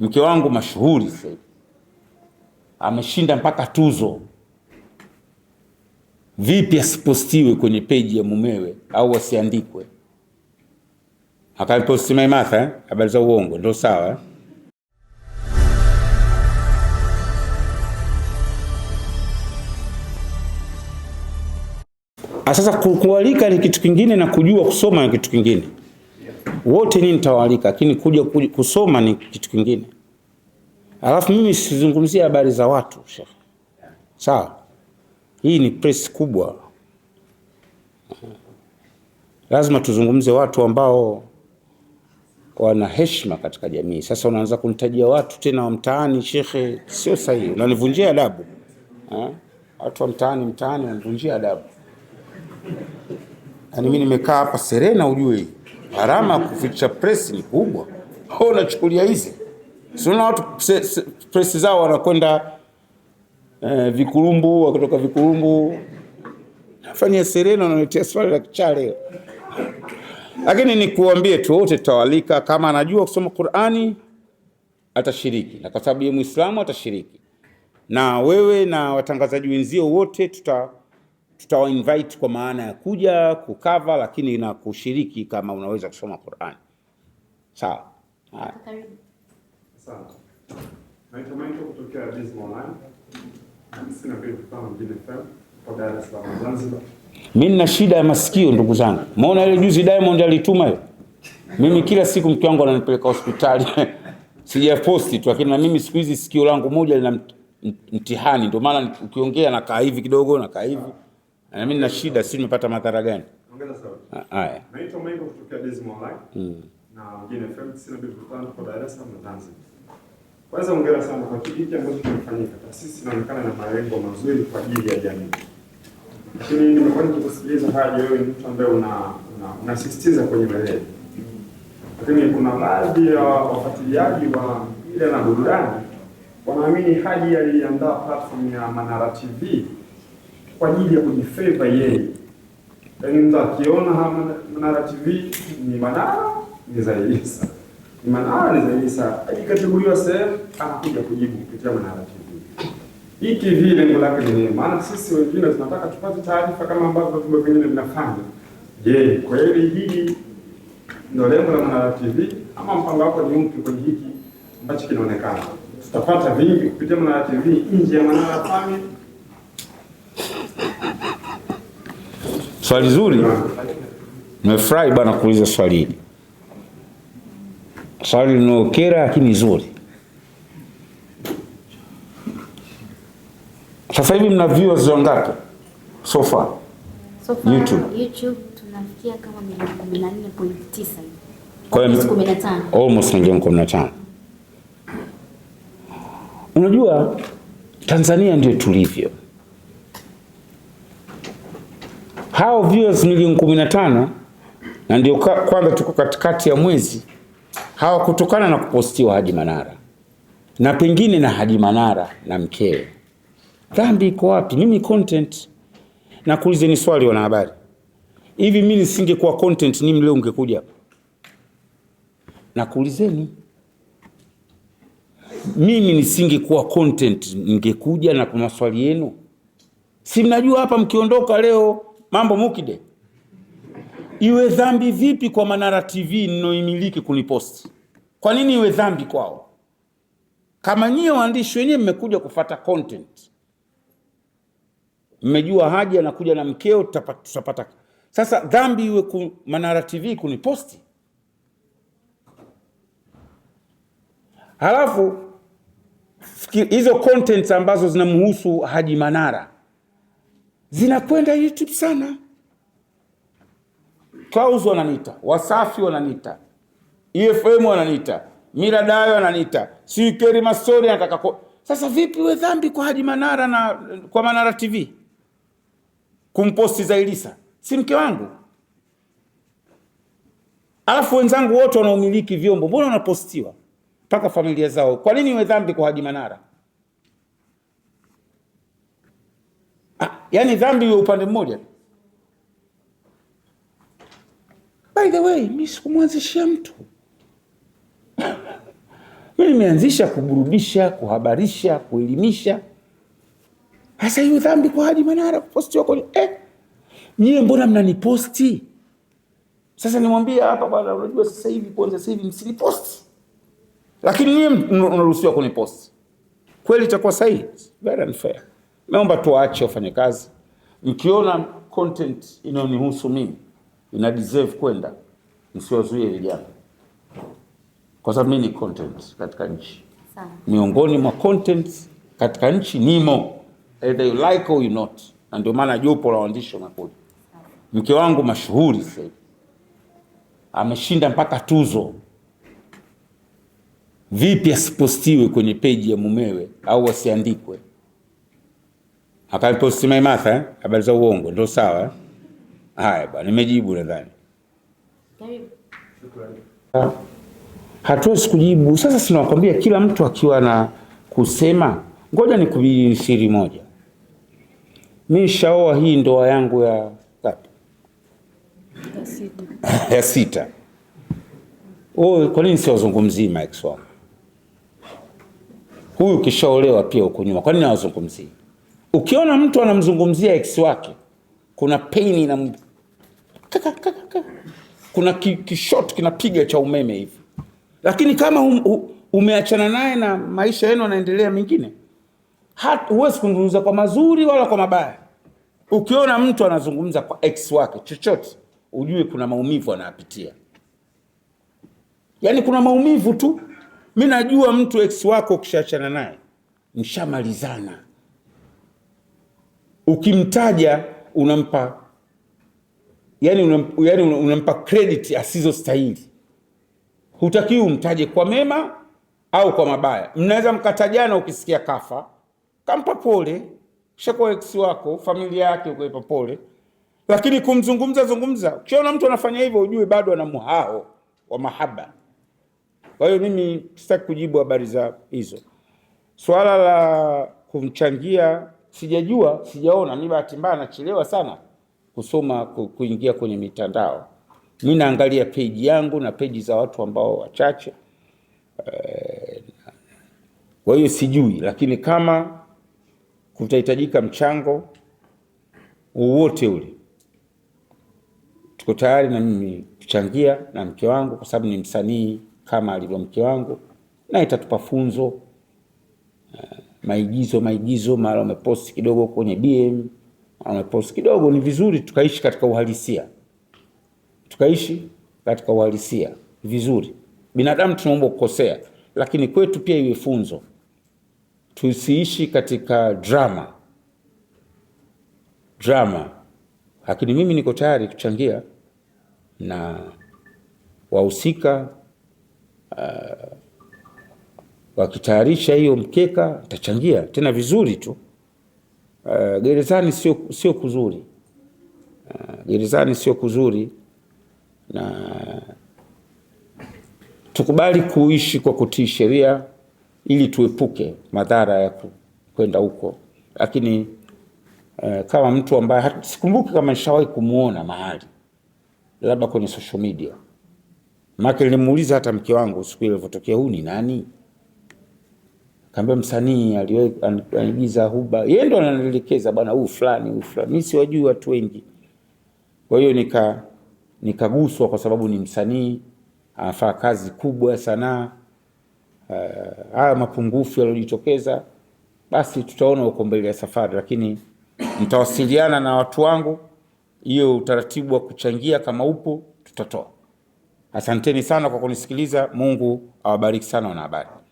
mke wangu mashuhuri sasa hivi ameshinda mpaka tuzo. Vipi asipostiwe kwenye peji ya mumewe au asiandikwe? Akaiposti Maimartha eh? habari za uongo ndo sawa eh? Ah, sasa kualika ni kitu kingine na kujua kusoma ni kitu kingine wote ni nitawalika, lakini kuja, kusoma ni kitu kingine. Alafu mimi sizungumzie habari za watu shekhe, sawa? Hii ni press kubwa, lazima tuzungumze watu ambao wana heshima katika jamii. Sasa unaanza kunitajia watu tena wa mtaani shekhe, sio sahihi, unanivunjia adabu. Watu wa mtaani mtaani wananivunjia adabu. yani mimi nimekaa hapa Serena, ujue gharama ya kufikisha press ni kubwa. Wewe unachukulia hizi, si watu press zao wanakwenda eh, Vikurumbu, wakitoka Vikurumbu nafanya Serena, wanaletea swali la kichaa leo. Lakini nikuambie tu, wote tutawalika. Kama anajua kusoma Qur'ani atashiriki, na kwa sababu ya Muislamu atashiriki, na wewe na watangazaji wenzio wote tuta tutawa invite kwa maana ya kuja kukava, lakini na kushiriki kama unaweza kusoma Qur'an. Sawa, mimi nina shida ya masikio ndugu zangu. maona ile juzi Diamond alituma hiyo, mimi kila siku mke wangu ananipeleka hospitali sijaposti tu, lakini na mimi siku hizi sikio langu moja lina mtihani, ndio maana ukiongea nakaa hivi kidogo, nakaa hivi na mimi na shida, si nimepata madhara gani? Ongeza ah, Haya, naitwa Michael kutoka Desmo Online mm. na Gen FM 92.5 kwa Dar es Salaam na Tanzania. Kwanza hongera sana kwa kile hiki ambacho kimefanyika. Taasisi inaonekana na malengo mazuri kwa ajili ya jamii, lakini nimekuwa nikikusikiliza hadi wewe ni mtu ambaye una unasisitiza kwenye malezi, lakini kuna baadhi ya wafuatiliaji wa mpira na burudani wanaamini Haji aliandaa platform ya Manara TV kwa ajili ya kujifeva yeye. Yaani mtu akiona Manara TV ni Manara ni Zailisa, ni Manara ni Zailisa, akikachukuliwa sehemu anakuja kujibu kupitia Manara TV. Hii TV lengo lake ni nini? Maana sisi wengine tunataka tupate taarifa kama ambavyo vyombo vingine vinafanya. Je, kweli hili ndio lengo la Manara TV ama mpango wako ni upi kwenye hiki ambacho kinaonekana? Tutapata vingi kupitia Manara TV nje ya Manara Family Swali zuri, nimefurahi bana kuuliza swali hili, swali linokera lakini zuri. Sasa hivi mna viewers wangapi so far? So far YouTube, YouTube tunafikia kama milioni 14.9 kwa hiyo 15, almost milioni 15. Unajua Tanzania ndio tulivyo hao viewers milioni 15 na ndio kwanza tuko katikati ya mwezi hawakutokana na kupostiwa Haji Manara na pengine na Haji Manara na mkewe. Dhambi iko wapi? Mimi content na kuulizeni swali wana habari, hivi mimi nisingekuwa content ni leo ungekuja hapa? Na kuulizeni mimi nisingekuwa content ningekuja na kwa maswali yenu, si mnajua hapa mkiondoka leo Mambo Mukide, iwe dhambi vipi kwa Manara TV ninoimiliki kuniposti? Kwa nini iwe dhambi kwao? Kama nyie waandishi wenyewe mmekuja kufata content, mmejua Haji anakuja na mkeo, tutapata sasa dhambi iwe ku Manara TV kuniposti? Halafu hizo contents ambazo zinamhusu Haji Manara zinakwenda YouTube sana. Clouds wananiita, Wasafi wananiita, EFM wananiita, Miradayo wananiita, Sikeri Masori anataka ko. Sasa vipi we dhambi kwa Haji Manara na kwa Manara TV kumposti Zailisa, si mke wangu? Alafu wenzangu wote wanaomiliki vyombo mbona wanapostiwa mpaka familia zao? Kwa nini we dhambi kwa Haji Manara? yaani dhambi iwe upande mmoja. By the way, mi sikumwanzishia mtu mi nimeanzisha kuburudisha, kuhabarisha, kuelimisha. Hasa hiyo dhambi kwa Haji Manara kupostiwa kwenye eh, nyie mbona mnaniposti? Sasa nimwambia hapa bwana, unajua sasa hivi kwanza, sasa hivi msiniposti, lakini nyie mnaruhusiwa kuniposti. Kweli itakuwa sahihi? Very unfair. Naomba tuwaache wafanyakazi, mkiona content inayonihusu mimi ina deserve kwenda, msiwazuie vijana, kwa sababu mimi ni content katika nchi. Miongoni mwa content katika nchi nimo, either you like or you not, na ndio maana jopo la waandishi wanakuja. Mke wangu mashuhuri sasa hivi ameshinda mpaka tuzo. Vipi asipostiwe kwenye peji ya mumewe au asiandikwe? Akaniposti eh, habari za uongo, ndio sawa. Eh? Haya bwana, nimejibu nadhani. Hatuwezi kujibu sasa, sinawakwambia kila mtu akiwa na kusema. Ngoja nikubiri siri moja, mi shaoa hii ndoa yangu ya ngapi? Ya sita, ya sita. Oh, kwa nini siwazungumzii Mike Songa? Huyu kishaolewa pia huko nyuma, kwa nini awazungumzii? Ukiona mtu anamzungumzia ex wake, kuna pain na kaka kaka kaka, kuna kishot kinapiga cha umeme hivi. Lakini kama um, um, umeachana naye na maisha yenu anaendelea mengine, huwezi kuzungumza kwa mazuri wala kwa mabaya. Ukiona mtu anazungumza kwa ex wake chochote, ujue kuna maumivu anayapitia, yaani kuna maumivu tu. Mi najua mtu ex wako, ukishaachana naye mshamalizana ukimtaja unampa yani unampa, yani unampa credit asizostahili. Hutakiwi umtaje kwa mema au kwa mabaya. Mnaweza mkatajana, ukisikia kafa kampa pole, shakuwa ex wako, familia yake ukaipa pole, lakini kumzungumza zungumza, ukiona mtu anafanya hivyo ujue bado ana muhao wa mahaba. Kwa hiyo mimi sitaki kujibu habari za hizo. Swala la kumchangia sijajua, sijaona, ni bahati mbaya, nachelewa sana kusoma kuingia kwenye mitandao. Mi naangalia peji yangu na peji za watu ambao wachache eh, kwa hiyo sijui, lakini kama kutahitajika mchango wowote ule, tuko tayari na mimi kuchangia na mke wangu, kwa sababu ni msanii kama alivyo mke wangu na itatupa funzo eh, maigizo maigizo, mara umepost kidogo kwenye DM, umeposti kidogo. Ni vizuri tukaishi katika uhalisia, tukaishi katika uhalisia vizuri. Binadamu tunaomba kukosea, lakini kwetu pia iwe funzo. Tusiishi katika drama drama. Lakini mimi niko tayari kuchangia na wahusika uh, wakitayarisha hiyo mkeka tachangia tena vizuri tu. Uh, gerezani sio sio kuzuri. Uh, gerezani sio kuzuri, na tukubali kuishi kwa kutii sheria ili tuepuke madhara ya kwenda huko, lakini uh, kama mtu ambaye sikumbuki kama nishawahi kumuona mahali labda kwenye social media, maana nilimuuliza hata mke wangu siku ile ilivyotokea, huu ni nani? Kaambia msanii aliigiza Huba, yeye ndo ananielekeza bwana, huu fulani huu fulani. Mimi siwajui watu wengi, kwa hiyo nika nikaguswa kwa sababu ni msanii anafaa kazi kubwa sanaa. Uh, eh, haya mapungufu yaliyojitokeza, basi tutaona uko mbele ya safari, lakini nitawasiliana na watu wangu, hiyo utaratibu wa kuchangia kama upo tutatoa. Asanteni sana kwa kunisikiliza. Mungu awabariki sana wanahabari.